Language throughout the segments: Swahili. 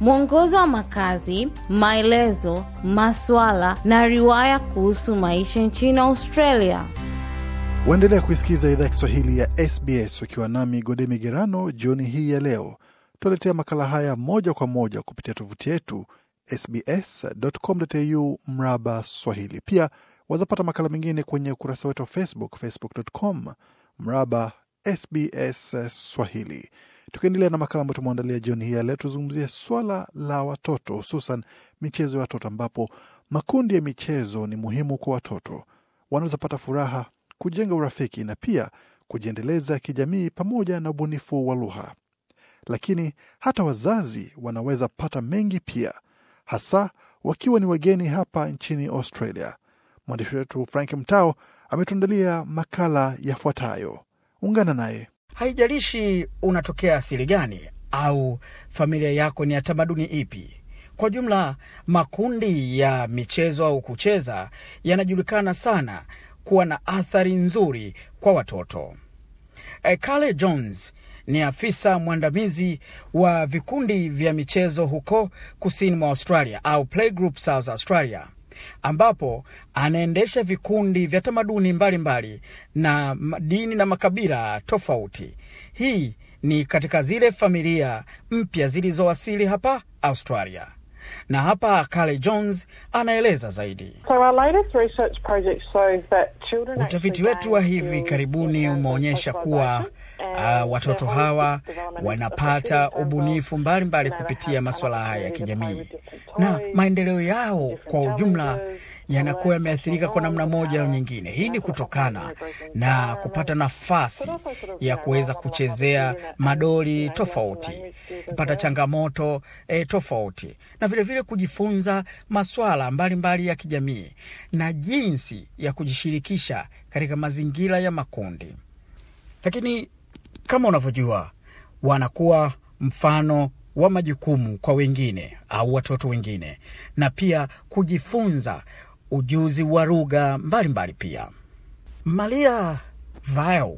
mwongozo wa makazi, maelezo, maswala na riwaya kuhusu maisha nchini Australia. Waendelea kuisikiza idhaa ya Kiswahili ya SBS ukiwa nami Gode Migerano. Jioni hii ya leo tunaletea makala haya moja kwa moja kupitia tovuti yetu sbs.com.au mraba Swahili. Pia wazapata makala mengine kwenye ukurasa wetu wa Facebook, facebook.com mraba SBS Swahili. Tukiendelea na makala ambayo tumeandalia jioni hii ya leo, tuzungumzie swala la watoto, hususan michezo ya watoto, ambapo makundi ya michezo ni muhimu kwa watoto. Wanaweza pata furaha, kujenga urafiki na pia kujiendeleza kijamii pamoja na ubunifu wa lugha. Lakini hata wazazi wanaweza pata mengi pia, hasa wakiwa ni wageni hapa nchini Australia. Mwandishi wetu Frank Mtao ametuandalia makala yafuatayo. Ungana naye. Haijalishi unatokea asili gani au familia yako ni ya tamaduni ipi. Kwa jumla, makundi ya michezo au kucheza yanajulikana sana kuwa na athari nzuri kwa watoto. E, Jones ni afisa mwandamizi wa vikundi vya michezo huko kusini mwa Australia au Playgroup South Australia ambapo anaendesha vikundi vya tamaduni mbalimbali na dini na makabila tofauti. Hii ni katika zile familia mpya zilizowasili hapa Australia. Na hapa Kale Jones anaeleza zaidi. Utafiti wetu wa hivi karibuni umeonyesha kuwa uh, watoto hawa wanapata ubunifu mbalimbali kupitia masuala haya ya kijamii, na maendeleo yao kwa ujumla yanakuwa yameathirika kwa namna moja au nyingine. Hii ni kutokana na kupata nafasi ya kuweza kuchezea madoli tofauti, kupata changamoto e, tofauti, na vilevile vile kujifunza maswala mbalimbali ya kijamii na jinsi ya kujishirikisha katika mazingira ya makundi. Lakini kama unavyojua, wanakuwa mfano wa majukumu kwa wengine au watoto wengine na pia kujifunza ujuzi wa lugha mbalimbali. Pia Maria Vail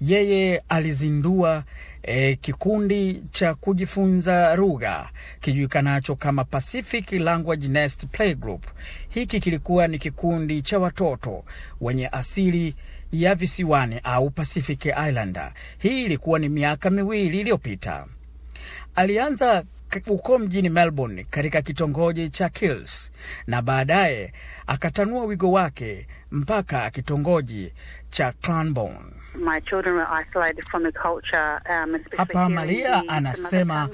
yeye alizindua e, kikundi cha kujifunza lugha kijulikanacho kama Pacific Language Nest Playgroup. Hiki kilikuwa ni kikundi cha watoto wenye asili ya visiwani au Pacific Islander. Hii ilikuwa ni miaka miwili iliyopita. Alianza huko mjini Melbourne katika kitongoji cha Kills na baadaye akatanua wigo wake mpaka kitongoji cha Cranbourne. Um, hapa Maria anasema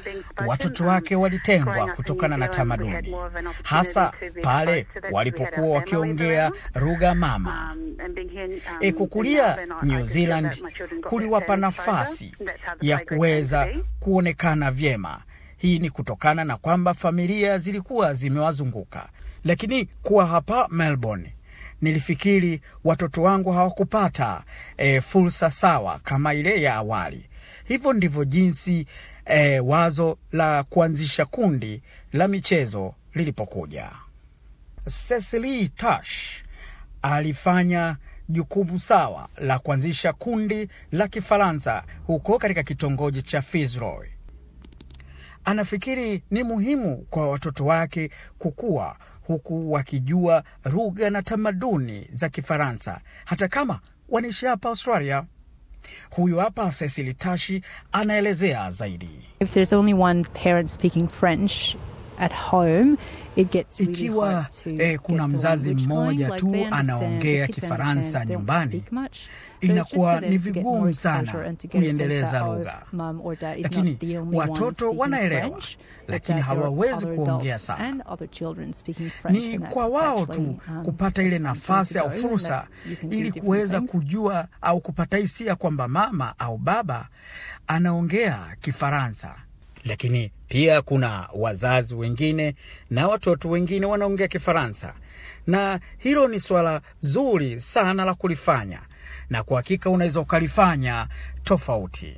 watoto um, wake walitengwa kutokana na tamaduni, hasa pale walipokuwa wakiongea lugha mama. Um, um, e, kukulia New Zealand kuliwapa nafasi ya kuweza kuonekana vyema hii ni kutokana na kwamba familia zilikuwa zimewazunguka, lakini kuwa hapa Melbourne nilifikiri watoto wangu hawakupata e, fursa sawa kama ile ya awali. Hivyo ndivyo jinsi e, wazo la kuanzisha kundi la michezo lilipokuja. Cecily Tash alifanya jukumu sawa la kuanzisha kundi la Kifaransa huko katika kitongoji cha Fitzroy anafikiri ni muhimu kwa watoto wake kukua huku wakijua lugha na tamaduni za Kifaransa hata kama wanaishi hapa Australia. Huyu hapa Cecily Tashi anaelezea zaidi. If there's only one parent speaking French ikiwa eh, kuna mzazi mmoja tu anaongea Kifaransa nyumbani, inakuwa ni vigumu sana kuiendeleza oh, lugha, lakini watoto wanaelewa, lakini hawawezi kuongea sana. Ni kwa wao tu um, kupata ile nafasi au fursa, ili kuweza kujua au kupata hisia kwamba mama au baba anaongea Kifaransa, lakini pia kuna wazazi wengine na watoto wengine wanaongea Kifaransa, na hilo ni swala zuri sana la kulifanya, na kwa hakika unaweza ukalifanya tofauti.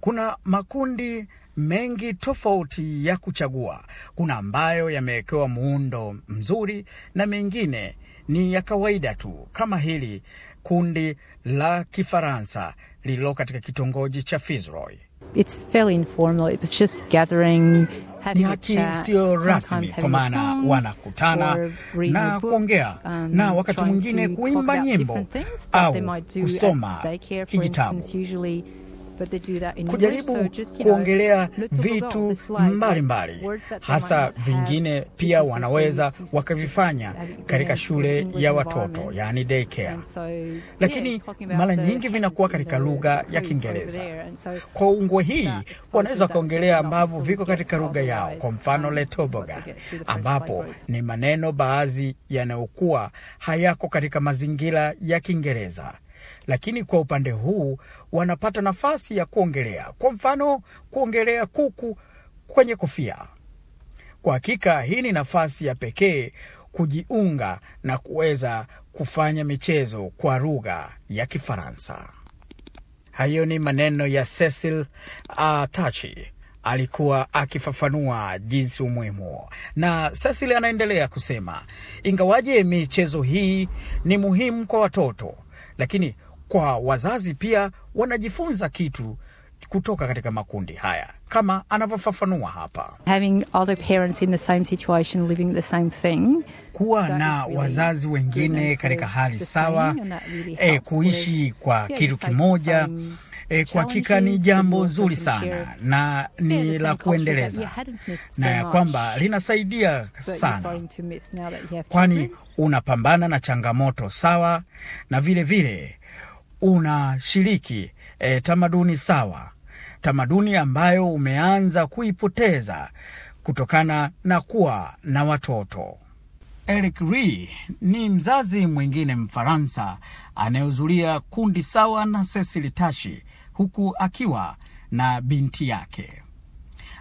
Kuna makundi mengi tofauti ya kuchagua. Kuna ambayo yamewekewa muundo mzuri na mengine ni ya kawaida tu, kama hili kundi la Kifaransa lililo katika kitongoji cha fisroy it's fairly informal. It was just gathering ni haki siyo rasmi kwa maana wanakutana na kuongea um, na wakati mwingine kuimba nyimbo au kusoma kijitabu kujaribu kuongelea vitu mbalimbali, hasa vingine pia wanaweza wakavifanya katika shule ya watoto, yaani daycare, lakini mara nyingi vinakuwa katika lugha ya Kiingereza. Kwa ungwe hii wanaweza kuongelea ambavyo viko katika lugha yao, kwa mfano um, Letoboga, ambapo ni maneno baadhi yanayokuwa hayako katika mazingira ya Kiingereza lakini kwa upande huu wanapata nafasi ya kuongelea, kwa mfano kuongelea kuku kwenye kofia. Kwa hakika hii ni nafasi ya pekee kujiunga na kuweza kufanya michezo kwa lugha ya Kifaransa. Hayo ni maneno ya Cecil uh, Tachi alikuwa akifafanua jinsi umuhimu. Na Cecil anaendelea kusema, ingawaje michezo hii ni muhimu kwa watoto, lakini kwa wazazi pia wanajifunza kitu kutoka katika makundi haya kama anavyofafanua hapa. Having other parents in the same situation living the same thing, kuwa na wazazi wengine katika hali sawa, really eh, kuishi kwa kitu kimoja E, kwa hakika ni jambo zuri sana na ni la kuendeleza na ya kwamba linasaidia sana, kwani unapambana na changamoto sawa, na vile vile unashiriki e, tamaduni sawa, tamaduni ambayo umeanza kuipoteza kutokana na kuwa na watoto. Eric Ri ni mzazi mwingine Mfaransa anayehudhuria kundi sawa na Cecily Tashi huku akiwa na binti yake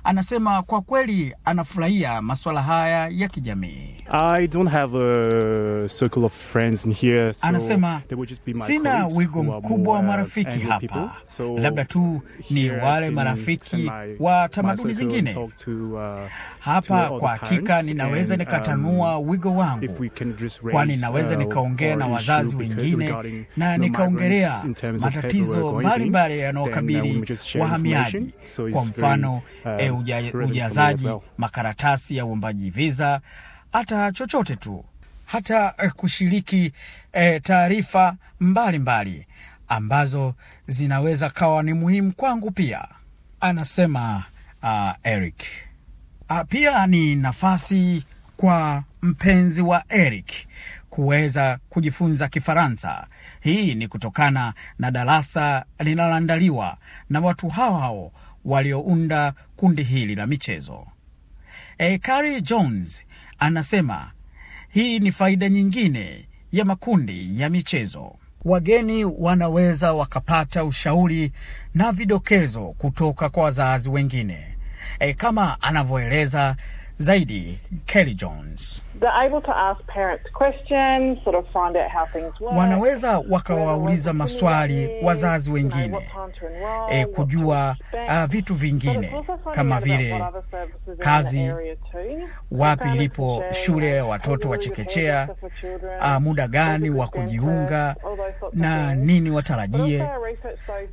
anasema kwa kweli anafurahia masuala haya ya kijamii. I don't have a circle of friends in here, so anasema sina wigo mkubwa wa marafiki hapa, so labda tu ni wale marafiki wa tamaduni zingine to, uh, hapa kwa hakika ninaweza nikatanua um, wigo wangu, kwani naweza uh, nikaongea na wazazi wengine na nikaongelea matatizo mbalimbali yanayokabili uh, wahamiaji, so kwa mfano uh, eh, uja, ujazaji makaratasi ya uombaji visa, hata chochote tu, hata eh, kushiriki eh, taarifa mbalimbali ambazo zinaweza kawa ni muhimu kwangu pia, anasema uh, Eric. Uh, pia ni nafasi kwa mpenzi wa Eric kuweza kujifunza Kifaransa. Hii ni kutokana na darasa linaloandaliwa na watu hao hao waliounda kundi hili la michezo. E, eh, Carrie Jones anasema hii ni faida nyingine ya makundi ya michezo. Wageni wanaweza wakapata ushauri na vidokezo kutoka kwa wazazi wengine. E, kama anavyoeleza zaidi, Kelly Jones. Wanaweza wakawauliza maswali wazazi wengine, e, kujua uh, vitu vingine kama vile kazi, wapi ilipo shule ya watoto wa chekechea, uh, muda gani wa kujiunga na nini watarajie,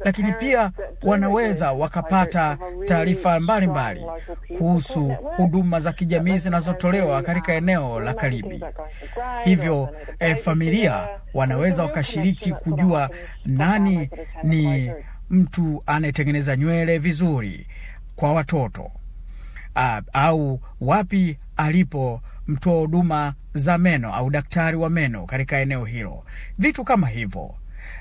lakini pia wanaweza wakapata taarifa mbalimbali kuhusu huduma za kijamii zinazotolewa katika eneo la Karibi. Hivyo e, familia wanaweza wakashiriki kujua nani ni mtu anayetengeneza nywele vizuri kwa watoto A, au wapi alipo mtoa huduma za meno au daktari wa meno katika eneo hilo, vitu kama hivyo.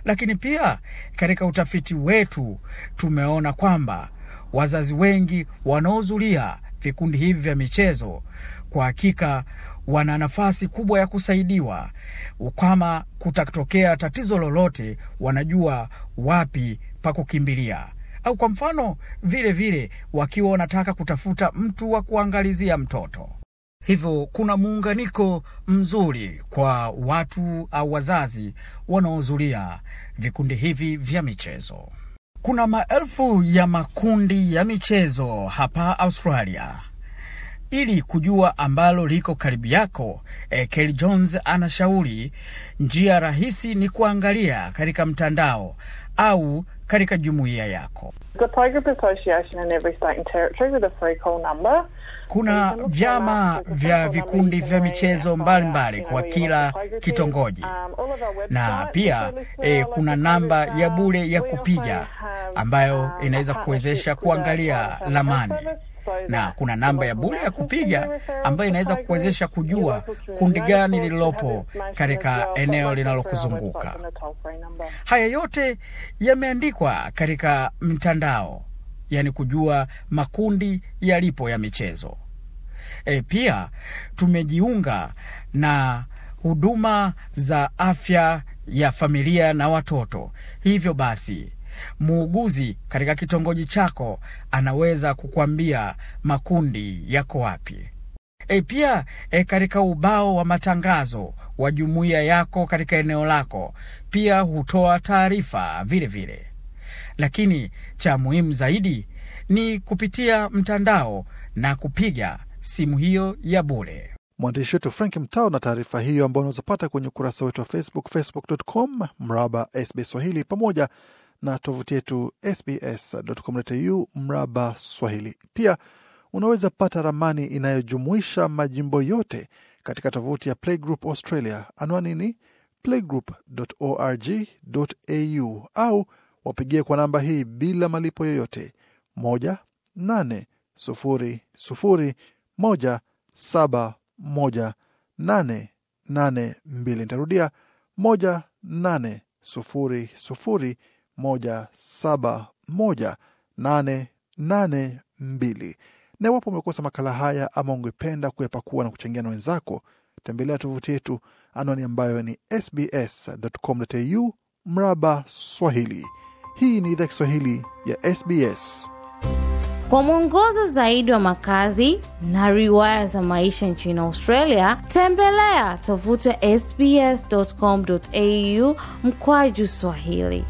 Lakini pia katika utafiti wetu tumeona kwamba wazazi wengi wanaohudhuria vikundi hivi vya michezo kwa hakika wana nafasi kubwa ya kusaidiwa. Kama kutatokea tatizo lolote, wanajua wapi pa kukimbilia au kwa mfano vile vile wakiwa wanataka kutafuta mtu wa kuangalizia mtoto. Hivyo kuna muunganiko mzuri kwa watu au wazazi wanaohudhuria vikundi hivi vya michezo. Kuna maelfu ya makundi ya michezo hapa Australia. Ili kujua ambalo liko karibu yako, eh, Kelly Jones anashauri njia rahisi ni kuangalia katika mtandao au katika jumuiya yako. The kuna vyama vya vikundi vya michezo mbalimbali kwa kila kitongoji, um, na pia eh, kuna namba ya um, bure ya kupiga ambayo inaweza kuwezesha kuangalia lamani na kuna namba ya bure ya kupiga ambayo inaweza kuwezesha kujua kundi gani lililopo katika eneo linalokuzunguka. Haya yote yameandikwa katika mtandao yani kujua makundi yalipo ya michezo. E, pia tumejiunga na huduma za afya ya familia na watoto. Hivyo basi muuguzi katika kitongoji chako anaweza kukwambia makundi yako wapi. E, pia e, katika ubao wa matangazo wa jumuiya yako katika eneo lako pia hutoa taarifa vilevile lakini cha muhimu zaidi ni kupitia mtandao na kupiga simu hiyo ya bure. Mwandishi wetu Frank Mtao na taarifa hiyo ambayo unazopata kwenye ukurasa wetu wa Facebook, facebook.com mraba SB Swahili, pamoja na tovuti yetu sbs.com.au mraba Swahili. Pia unaweza pata ramani inayojumuisha majimbo yote katika tovuti ya Playgroup Australia. Anwani ni playgroup.org.au au wapigie kwa namba hii bila malipo yoyote 18001718882. Nitarudia 18001718882. Na iwapo umekosa makala haya ama ungependa kuyapakua na kuchangia na wenzako, tembelea tovuti yetu, anwani ambayo ni sbs.com.au mraba Swahili. Hii ni idhaa Kiswahili ya SBS. Kwa mwongozo zaidi wa makazi na riwaya za maisha nchini Australia, tembelea tovuti ya sbs.com.au mkwaju Swahili.